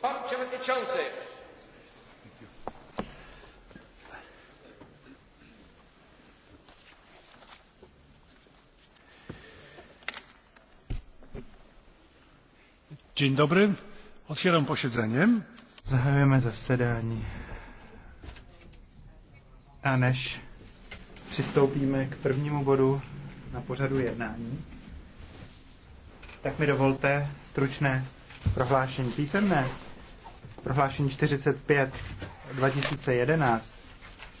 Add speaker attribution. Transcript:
Speaker 1: Pan předsedající.
Speaker 2: Dzień dobry. Otwieram posiedzenie. Zahajujemy zasedání. A než přistoupíme
Speaker 3: k prvnímu bodu na pořadu jednání, tak mi dovolte
Speaker 4: stručné prohlášení písemné prohlášení 45 2011